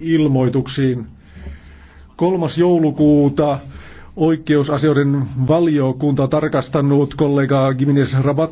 ilmoituksiin. 3. joulukuuta oikeusasioiden valiokunta tarkastanut kollega Gimines Rabat